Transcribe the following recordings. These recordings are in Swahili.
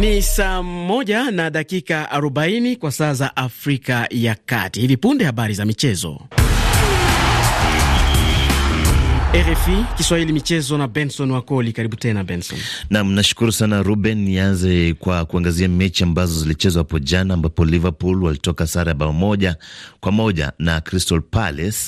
Ni saa moja na dakika 40 kwa saa za Afrika ya Kati. Hivi punde habari za michezo. RFI Kiswahili michezo na Benson Wakoli. Karibu tena Benson. Naam, nashukuru sana Ruben. Nianze kwa kuangazia mechi ambazo zilichezwa hapo jana, ambapo Liverpool walitoka sare ya bao moja kwa moja na Crystal Palace,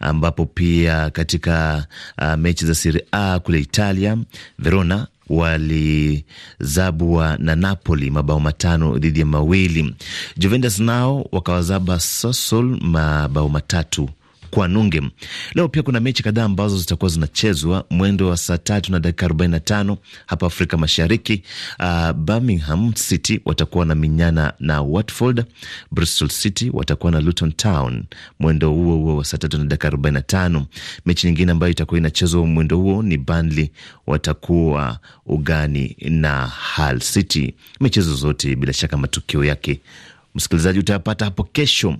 ambapo pia katika uh, mechi za Serie A kule Italia, Verona walizabwa na Napoli mabao matano dhidi ya mawili. Juventus nao wakawazaba Sassuolo mabao matatu kwa Nunge. Leo pia kuna mechi kadhaa ambazo zitakuwa zinachezwa mwendo wa saa tatu na dakika tano hapa Afrika Mashariki. Uh, Birmingham City watakuwa na minyana na Watford. Bristol City watakuwa na Luton Town mwendo huo huo wa saa tatu na dakika tano. Mechi nyingine ambayo itakuwa inachezwa mwendo huo ni Burnley watakuwa ugani na Hull City. Michezo zote bila shaka matukio yake msikilizaji utayapata hapo kesho.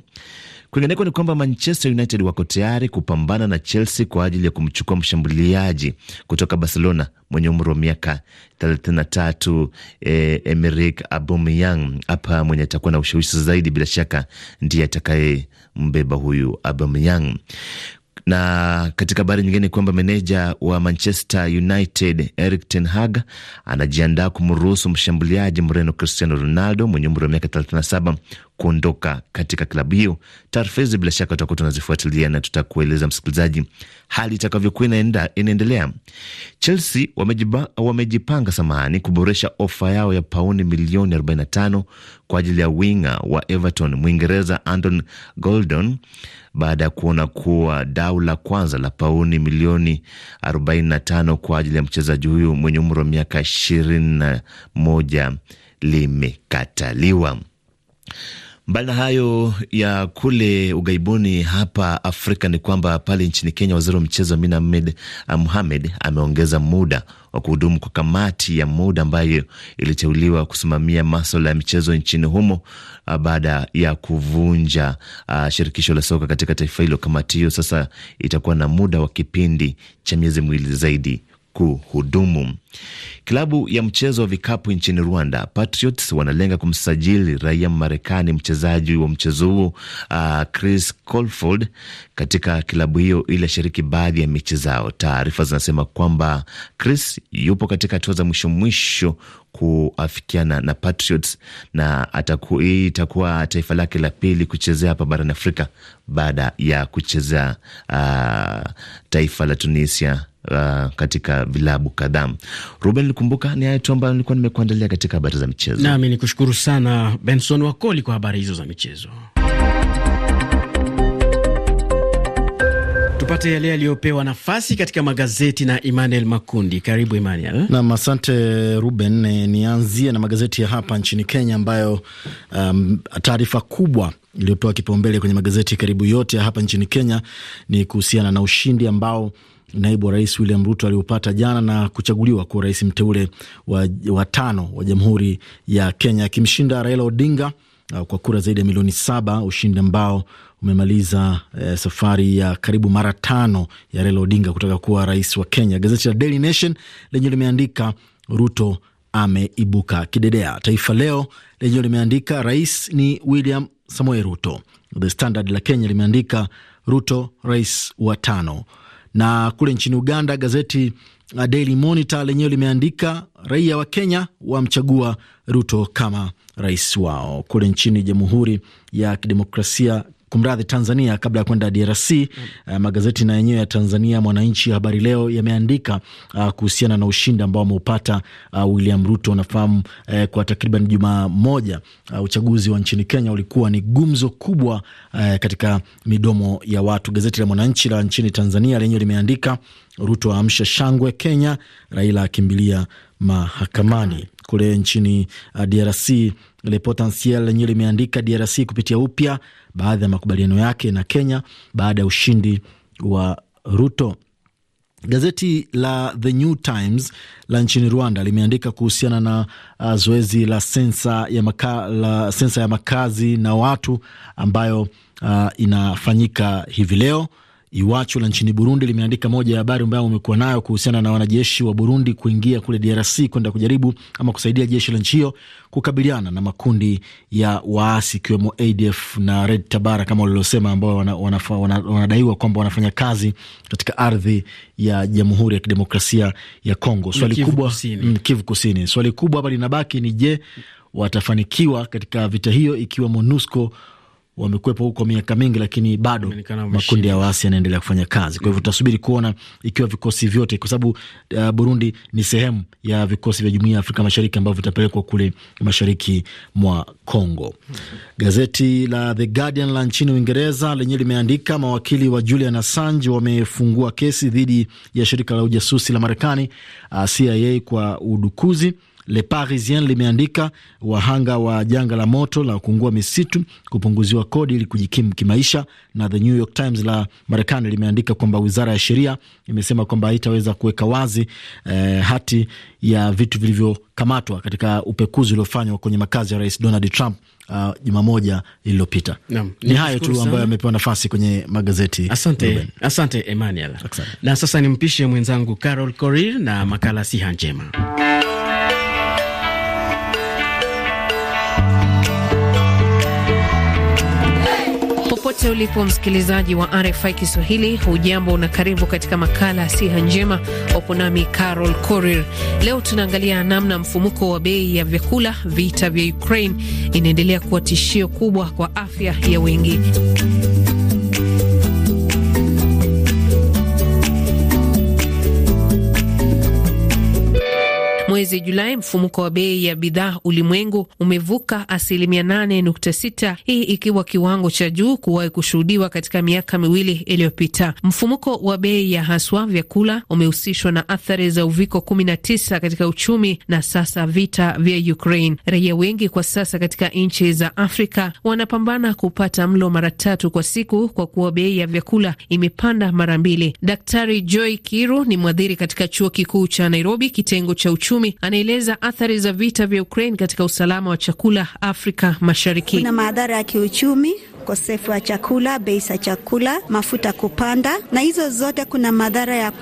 Kwingineko ni kwamba Manchester United wako tayari kupambana na Chelsea kwa ajili ya kumchukua mshambuliaji kutoka Barcelona mwenye umri wa miaka 33 eh, Emerick Aubameyang. Hapa mwenye atakuwa na ushawishi zaidi bila shaka ndiye atakayembeba huyu Aubameyang. Na katika habari nyingine kwamba meneja wa Manchester United Eric ten Hag anajiandaa kumruhusu mshambuliaji mreno Cristiano Ronaldo mwenye umri wa miaka 37 kuondoka katika klabu hiyo. Taarifa hizi bila shaka tutakuwa tunazifuatilia na tutakueleza msikilizaji hali itakavyokuwa inaendelea. Chelsea wamejiba, wamejipanga samahani kuboresha ofa yao ya pauni milioni 45 kwa ajili ya winga wa Everton Mwingereza Anton Goldon baada ya kuona kuwa dau la kwanza la pauni milioni 45 kwa ajili ya mchezaji huyu mwenye umri wa miaka 21 limekataliwa. Mbali na hayo ya kule ughaibuni, hapa Afrika ni kwamba pale nchini Kenya, waziri wa michezo Amina Ahmed ah, Mohamed ameongeza muda wa kuhudumu kwa kamati ya muda ambayo iliteuliwa kusimamia maswala ya michezo nchini humo ah, baada ya kuvunja uh, shirikisho la soka katika taifa hilo. Kamati hiyo sasa itakuwa na muda wa kipindi cha miezi miwili zaidi kuhudumu. Klabu ya mchezo wa vikapu nchini Rwanda, Patriots, wanalenga kumsajili raia Marekani, mchezaji wa mchezo huo uh, Chris Colford katika klabu hiyo ili ashiriki baadhi ya mechi zao. Taarifa zinasema kwamba Chris yupo katika hatua za mwisho mwisho kuafikiana na Patriots na ataku, itakuwa taifa lake la pili kuchezea hapa barani Afrika baada ya kuchezea uh, taifa la Tunisia uh, katika vilabu kadhaa. Ruben Likumbuka, ni hayo tu ambayo nilikuwa nimekuandalia katika habari za michezo, nami ni kushukuru sana Benson Wakoli kwa habari hizo za michezo. tupate yale yaliyopewa nafasi katika magazeti na Emmanuel Makundi. Karibu Emmanuel. Nam, asante Ruben. Nianzie na magazeti ya hapa nchini Kenya ambayo um, taarifa kubwa iliyopewa kipaumbele kwenye magazeti karibu yote ya hapa nchini Kenya ni kuhusiana na ushindi ambao naibu wa rais William Ruto aliupata jana na kuchaguliwa kuwa rais mteule wa, wa tano wa Jamhuri ya Kenya akimshinda Raila Odinga uh, kwa kura zaidi ya milioni saba, ushindi ambao umemaliza eh, safari ya karibu mara tano ya Raila Odinga kutaka kuwa rais wa Kenya. Gazeti la Daily Nation lenyewe limeandika Ruto ameibuka kidedea. Taifa Leo lenyewe limeandika rais ni William Samoei Ruto. The Standard la Kenya limeandika Ruto rais wa tano. Na kule nchini Uganda, gazeti Daily Monitor lenyewe limeandika raia wa Kenya wamchagua Ruto kama rais wao. Kule nchini Jamhuri ya Kidemokrasia kumradhi, Tanzania kabla ya kwenda DRC. Mm. Uh, magazeti na yenyewe ya Tanzania, Mwananchi, Habari Leo yameandika uh, kuhusiana na ushindi ambao ameupata uh, William Ruto. Nafahamu uh, kwa takriban jumaa moja uh, uchaguzi wa nchini Kenya ulikuwa ni gumzo kubwa uh, katika midomo ya watu. Gazeti la Mwananchi la nchini Tanzania lenyewe limeandika Ruto aamsha shangwe Kenya, Raila akimbilia mahakamani. Kule nchini uh, DRC Le Potentiel lenyewe limeandika DRC kupitia upya baadhi ya makubaliano yake na Kenya baada ya ushindi wa Ruto. Gazeti la The New Times la nchini Rwanda limeandika kuhusiana na uh, zoezi la sensa ya, maka, la sensa ya makazi na watu ambayo uh, inafanyika hivi leo Iwachu la nchini Burundi limeandika moja ya habari ambayo umekuwa nayo kuhusiana na wanajeshi wa Burundi kuingia kule DRC kwenda kujaribu ama kusaidia jeshi la nchi hiyo kukabiliana na makundi ya waasi ikiwemo ADF na Red Tabara kama walilosema, ambao wanadaiwa wana, wana, wana kwamba wanafanya kazi katika ardhi ya Jamhuri ya Kidemokrasia ya Kongo. Swali kubwa kusini. Mm, Kivu Kusini, swali kubwa hapa linabaki ni je, watafanikiwa katika vita hiyo ikiwa MONUSCO wamekuwepo huko miaka mingi, lakini bado makundi ya waasi yanaendelea kufanya kazi. Kwa hivyo tutasubiri kuona ikiwa vikosi vyote, kwa sababu uh, Burundi ni sehemu ya vikosi vya Jumuiya ya Afrika Mashariki ambavyo vitapelekwa kule mashariki mwa congo Gazeti la The Guardian la nchini Uingereza lenyewe limeandika mawakili wa Julian Assange wamefungua kesi dhidi ya shirika la ujasusi la Marekani uh, CIA kwa udukuzi Le Parisien limeandika wahanga wa janga la moto la kuungua misitu kupunguziwa kodi ili kujikimu kimaisha, na The New York Times la Marekani limeandika kwamba wizara ya sheria imesema kwamba haitaweza kuweka wazi eh, hati ya vitu vilivyokamatwa katika upekuzi uliofanywa kwenye makazi ya Rais Donald Trump uh, ah, juma moja lililopita. Ni hayo tu ambayo yamepewa nafasi kwenye magazeti. Asante Ruben. Asante Emmanuel. Na sasa nimpishe mwenzangu Carol Korir na makala siha njema. Popote ulipo msikilizaji wa RFI Kiswahili, hujambo na karibu katika makala ya siha njema. Upo nami Carol Korir. Leo tunaangalia namna mfumuko wa bei ya vyakula, vita vya Ukraine, inaendelea kuwa tishio kubwa kwa afya ya wengi. Mwezi Julai mfumuko wa bei ya bidhaa ulimwengu umevuka asilimia nane nukta sita, hii ikiwa kiwango cha juu kuwahi kushuhudiwa katika miaka miwili iliyopita. Mfumuko wa bei ya haswa vyakula umehusishwa na athari za uviko kumi na tisa katika uchumi na sasa vita vya Ukraine. Raia wengi kwa sasa katika nchi za Afrika wanapambana kupata mlo mara tatu kwa siku kwa kuwa bei ya vyakula imepanda mara mbili. Daktari Joy Kiru ni mwadhiri katika chuo kikuu cha Nairobi, kitengo cha uchumi kiuchumi anaeleza athari za vita vya Ukraine katika usalama wa chakula Afrika Mashariki. Kuna madhara ya kiuchumi, ukosefu wa chakula, bei za chakula, mafuta kupanda, na hizo zote kuna madhara ya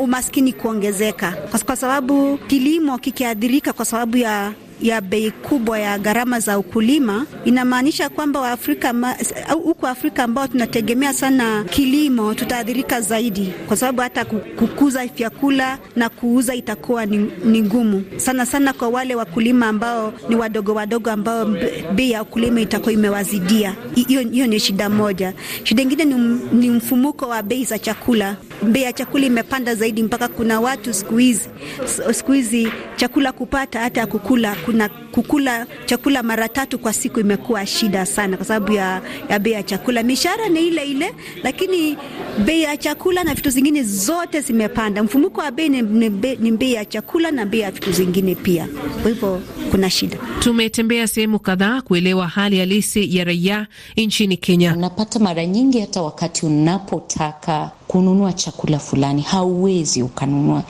umaskini kuongezeka, kwa sababu kilimo kikiathirika kwa sababu ya ya bei kubwa ya gharama za ukulima inamaanisha kwamba Waafrika huku Afrika ambao tunategemea sana kilimo tutaathirika zaidi, kwa sababu hata kukuza vyakula na kuuza itakuwa ni ngumu sana sana kwa wale wakulima ambao ni wadogo wadogo, ambao bei ya ukulima itakuwa imewazidia. Hiyo ni shida moja. Shida ingine ni mfumuko wa bei za chakula. Bei ya chakula imepanda zaidi mpaka kuna watu siku hizi siku hizi chakula kupata hata ya kukula kuna kukula chakula mara tatu kwa siku imekuwa shida sana kwa sababu ya, ya bei ya chakula. Mishahara ni ile ile, lakini bei ya chakula na vitu zingine zote zimepanda. Mfumuko wa bei ni bei ya chakula na bei ya vitu zingine pia, kwa hivyo kuna shida. Tumetembea sehemu kadhaa kuelewa hali halisi ya raia nchini Kenya. Unapata mara nyingi hata wakati unapotaka kununua chakula fulani hauwezi ukanunua.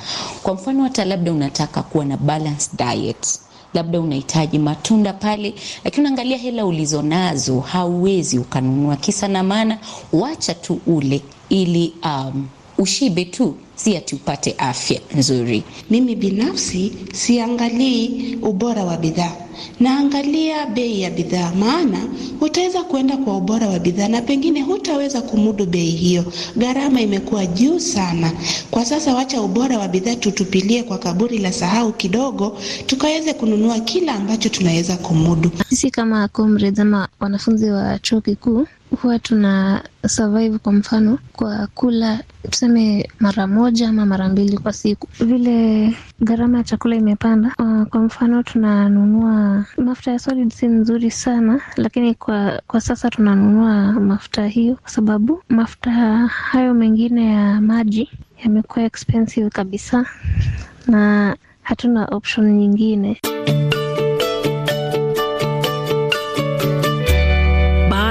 Kwa mfano hata labda unataka kuwa na balanced diet labda unahitaji matunda pale, lakini unaangalia hela ulizonazo, hauwezi ukanunua. Kisa na maana, wacha tu ule ili um, ushibe tu si ati upate afya nzuri. Mimi binafsi siangalii ubora wa bidhaa, naangalia bei ya bidhaa, maana utaweza kuenda kwa ubora wa bidhaa na pengine hutaweza kumudu bei hiyo. Gharama imekuwa juu sana kwa sasa. Wacha ubora wa bidhaa tutupilie kwa kaburi la sahau kidogo, tukaweze kununua kila ambacho tunaweza kumudu. Sisi kama comrades ama wanafunzi wa chuo kikuu huwa tuna survive kwa mfano kwa kula tuseme mara moja ama mara mbili kwa siku. Vile gharama ya chakula imepanda, uh, kwa mfano tunanunua mafuta ya solid, si nzuri sana lakini kwa, kwa sasa tunanunua mafuta hiyo kwa sababu mafuta hayo mengine ya maji yamekuwa expensive kabisa na hatuna option nyingine.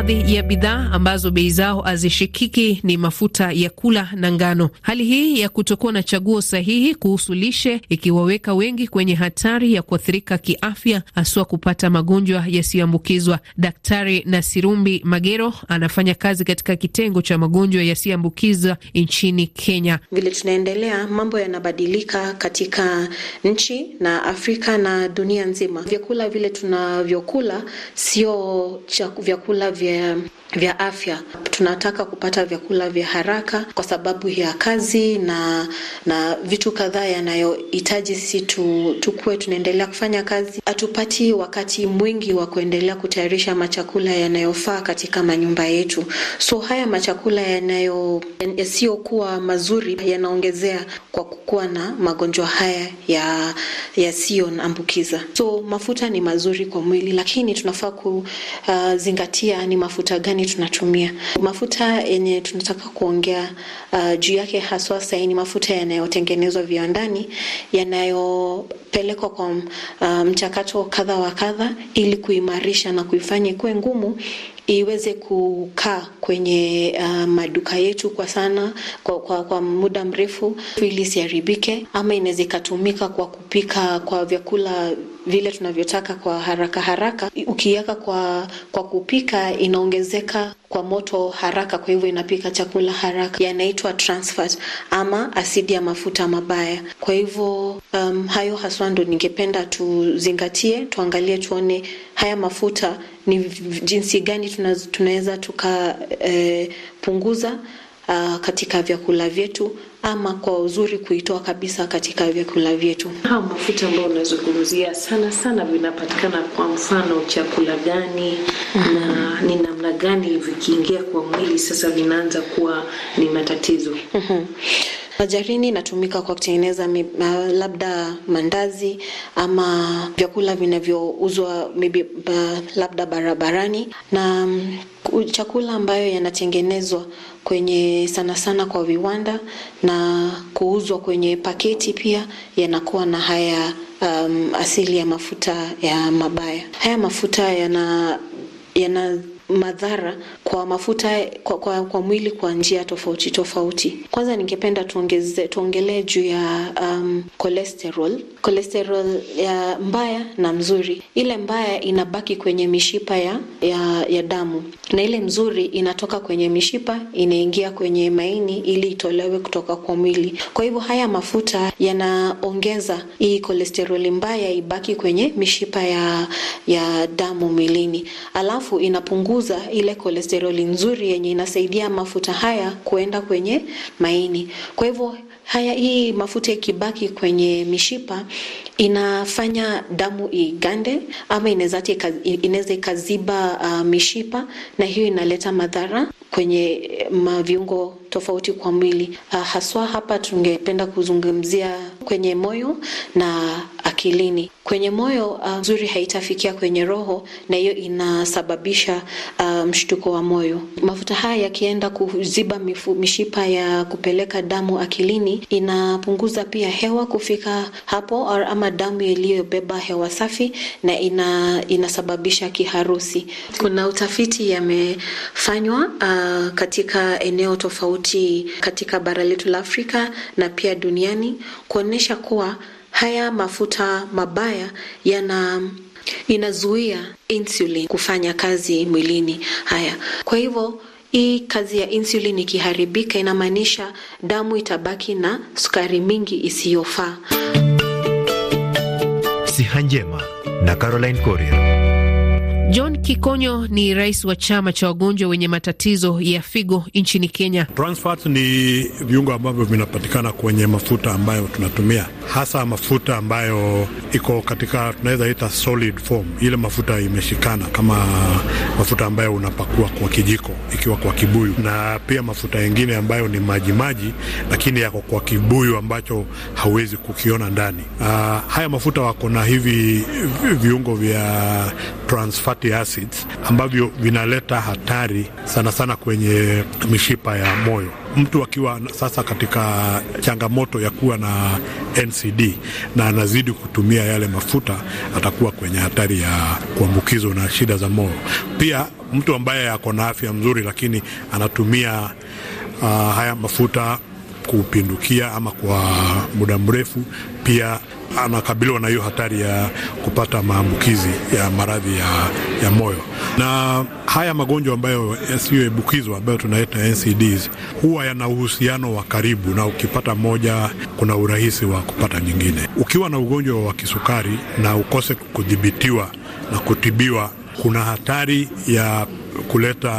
Baadhi ya bidhaa ambazo bei zao hazishikiki ni mafuta ya kula na ngano. Hali hii ya kutokuwa na chaguo sahihi kuhusu lishe ikiwaweka wengi kwenye hatari ya kuathirika kiafya, haswa kupata magonjwa yasiyoambukizwa. Daktari Nasirumbi Magero anafanya kazi katika kitengo cha magonjwa yasiyoambukizwa nchini Kenya. Vile tunaendelea, mambo yanabadilika katika nchi na Afrika na dunia nzima. Vyakula vile tunavyokula sio vyakula vya Eh, vya afya. Tunataka kupata vyakula vya haraka kwa sababu ya kazi na na vitu kadhaa yanayohitaji sisi tu, tukuwe tunaendelea kufanya kazi. Hatupati wakati mwingi wa kuendelea kutayarisha machakula yanayofaa katika manyumba yetu, so haya machakula yanayo yasiyokuwa mazuri yanaongezea kwa kukuwa na magonjwa haya ya yasiyoambukiza. So mafuta ni mazuri kwa mwili, lakini tunafaa kuzingatia ni mafuta gani tunatumia. Mafuta yenye tunataka kuongea uh, juu yake haswa saini mafuta yanayotengenezwa viwandani yanayopelekwa kwa uh, mchakato kadha wa kadha ili kuimarisha na kuifanya kuwe ngumu iweze kukaa kwenye uh, maduka yetu kwa sana kwa, kwa, kwa muda mrefu ili isiharibike, ama inaweza ikatumika kwa kupika kwa vyakula vile tunavyotaka kwa haraka haraka. Ukiweka kwa, kwa kupika inaongezeka kwa moto haraka, kwa hivyo inapika chakula haraka. Yanaitwa trans fat ama asidi ya mafuta mabaya. Kwa hivyo um, hayo haswa ndo ningependa tuzingatie, tuangalie, tuone haya mafuta ni jinsi gani tunaweza tukapunguza eh, uh, katika vyakula vyetu ama kwa uzuri kuitoa kabisa katika vyakula vyetu. Hao mafuta ambayo unazungumzia sana sana vinapatikana kwa mfano chakula gani? na ni namna gani vikiingia kwa mwili sasa vinaanza kuwa ni matatizo? mm Majarini inatumika kwa kutengeneza labda mandazi ama vyakula vinavyouzwa labda barabarani, na mm, chakula ambayo yanatengenezwa kwenye sana sana kwa viwanda na kuuzwa kwenye paketi, pia yanakuwa na haya um, asili ya mafuta ya mabaya. Haya mafuta yana yana madhara kwa mafuta kwa, kwa, kwa mwili kwa njia tofauti tofauti. Kwanza ningependa tuongeze tuongelee juu ya um, cholesterol cholesterol ya mbaya na mzuri. Ile mbaya inabaki kwenye mishipa ya, ya, ya damu na ile mzuri inatoka kwenye mishipa inaingia kwenye maini ili itolewe kutoka kwa mwili. Kwa hivyo haya mafuta yanaongeza hii cholesterol mbaya ibaki kwenye mishipa ya, ya damu mwilini, alafu inapungua kupunguza ile kolesteroli nzuri yenye inasaidia mafuta haya kuenda kwenye maini. Kwa hivyo haya hii mafuta ikibaki kwenye mishipa inafanya damu igande ama inaweza ikaziba uh, mishipa na hiyo inaleta madhara kwenye eh, maviungo tofauti kwa mwili. Ah, haswa hapa tungependa kuzungumzia kwenye moyo na akilini. Kwenye moyo ah, nzuri uh, haitafikia kwenye roho, na hiyo inasababisha uh, mshtuko wa moyo. Mafuta haya yakienda kuziba mifu, mishipa ya kupeleka damu akilini, inapunguza pia hewa kufika hapo ama damu iliyobeba hewa safi, na ina, inasababisha kiharusi. Kuna utafiti yamefanywa uh, Uh, katika eneo tofauti katika bara letu la Afrika na pia duniani kuonyesha kuwa haya mafuta mabaya yana inazuia insulin kufanya kazi mwilini. Haya, kwa hivyo hii kazi ya insulin ikiharibika, inamaanisha damu itabaki na sukari mingi isiyofaa. Siha Njema na Caroline Corrier. John Kikonyo ni rais wa chama cha wagonjwa wenye matatizo ya figo nchini Kenya. Trans fats ni viungo ambavyo vinapatikana kwenye mafuta ambayo tunatumia, hasa mafuta ambayo iko katika tunaweza ita solid form, ile mafuta imeshikana, kama mafuta ambayo unapakua kwa kijiko ikiwa kwa kibuyu, na pia mafuta yengine ambayo ni majimaji, lakini yako kwa kibuyu ambacho hauwezi kukiona ndani. Uh, haya mafuta wako na hivi viungo vya trans fats fatty acids ambavyo vinaleta hatari sana sana kwenye mishipa ya moyo. Mtu akiwa sasa katika changamoto ya kuwa na NCD na anazidi kutumia yale mafuta, atakuwa kwenye hatari ya kuambukizwa na shida za moyo. Pia mtu ambaye ako na afya mzuri, lakini anatumia uh, haya mafuta kupindukia ama kwa muda mrefu, pia anakabiliwa na hiyo hatari ya kupata maambukizi ya maradhi ya, ya moyo na haya magonjwa ambayo yasiyoebukizwa ambayo tunaita NCDs huwa yana uhusiano wa karibu, na ukipata moja kuna urahisi wa kupata nyingine. Ukiwa na ugonjwa wa kisukari na ukose kudhibitiwa na kutibiwa, kuna hatari ya kuleta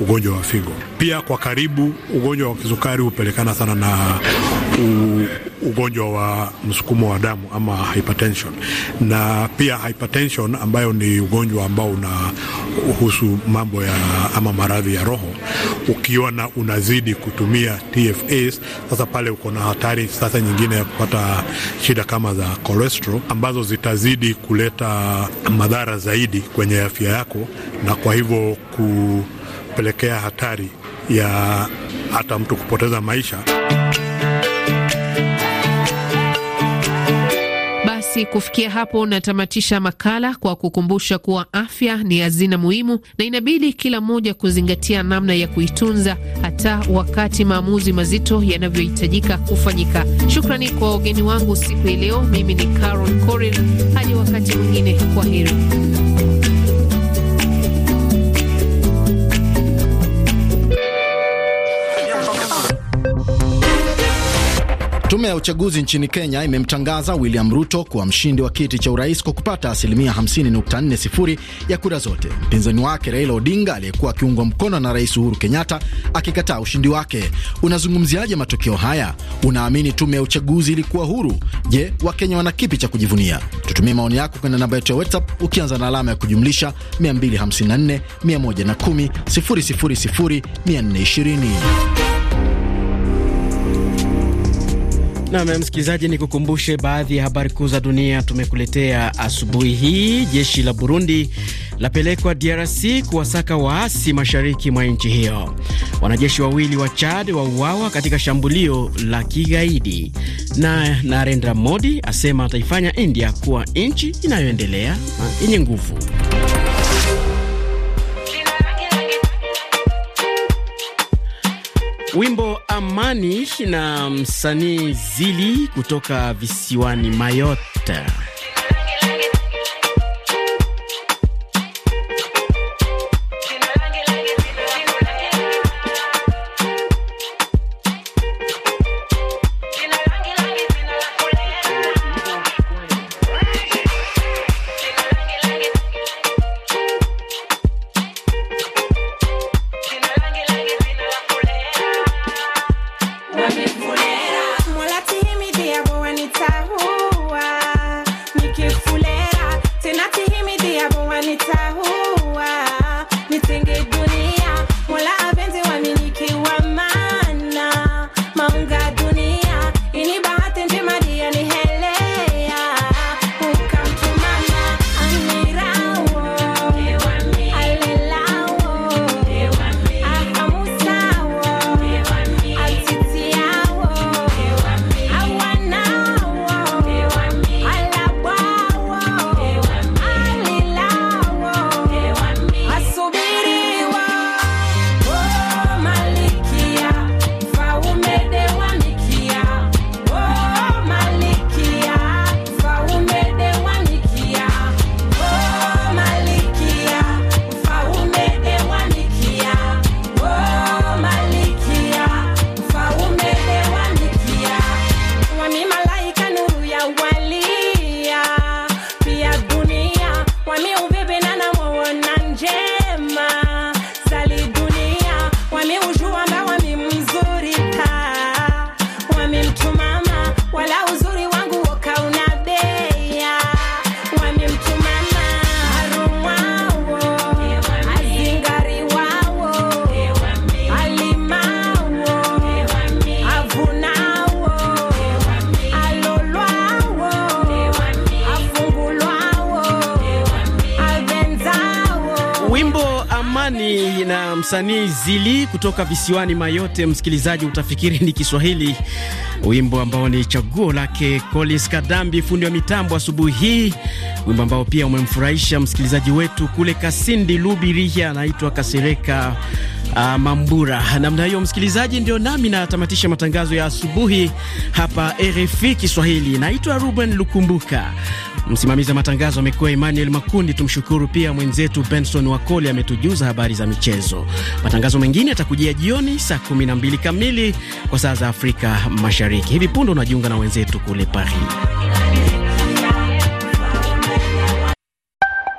ugonjwa wa figo pia. Kwa karibu, ugonjwa wa kisukari hupelekana sana na ugonjwa wa msukumo wa damu ama hypertension, na pia hypertension ambayo ni ugonjwa ambao unahusu mambo ya ama maradhi ya roho. Ukiona unazidi kutumia TFAs, sasa pale uko na hatari sasa nyingine ya kupata shida kama za cholesterol ambazo zitazidi kuleta madhara zaidi kwenye afya yako, na kwa hivyo kupelekea hatari ya hata mtu kupoteza maisha. Basi kufikia hapo natamatisha makala kwa kukumbusha kuwa afya ni hazina muhimu na inabidi kila mmoja kuzingatia namna ya kuitunza hata wakati maamuzi mazito yanavyohitajika kufanyika. Shukrani kwa wageni wangu siku ya leo. Mimi ni Carol Corin, hadi wakati mwingine, kwa heri. Tume ya uchaguzi nchini Kenya imemtangaza William Ruto kuwa mshindi wa kiti cha urais kwa kupata asilimia 50.40 ya kura zote, mpinzani wake Raila Odinga aliyekuwa akiungwa mkono na Rais Uhuru Kenyatta akikataa ushindi wake. Unazungumziaje matokeo haya? Unaamini tume ya uchaguzi ilikuwa huru? Je, Wakenya wana kipi cha kujivunia? Tutumie maoni yako kwenye namba yetu ya WhatsApp ukianza na alama ya kujumlisha 254 110 000 420. Nam msikilizaji, ni kukumbushe baadhi ya habari kuu za dunia tumekuletea asubuhi hii. Jeshi la Burundi lapelekwa DRC kuwasaka waasi mashariki mwa nchi hiyo. Wanajeshi wawili wa Chad wauawa katika shambulio la kigaidi, na Narendra Modi asema ataifanya India kuwa nchi inayoendelea na yenye nguvu. Wimbo Amani na msanii Zili kutoka visiwani Mayotte. msanii Zili kutoka visiwani Mayote. Msikilizaji, utafikiri ni Kiswahili, wimbo ambao ni chaguo lake Collins Kadambi, fundi wa mitambo asubuhi hii, wimbo ambao pia umemfurahisha msikilizaji wetu kule Kasindi Lubirihya, anaitwa Kasereka Uh, Mambura. Namna hiyo msikilizaji, ndio nami natamatisha matangazo ya asubuhi hapa RFI Kiswahili. Naitwa Ruben Lukumbuka, msimamizi wa matangazo amekuwa Emmanuel Makundi. Tumshukuru pia mwenzetu Benson Wakoli ametujuza habari za michezo. Matangazo mengine yatakujia jioni saa 12 kamili kwa saa za Afrika Mashariki. Hivi punde unajiunga na wenzetu kule Paris.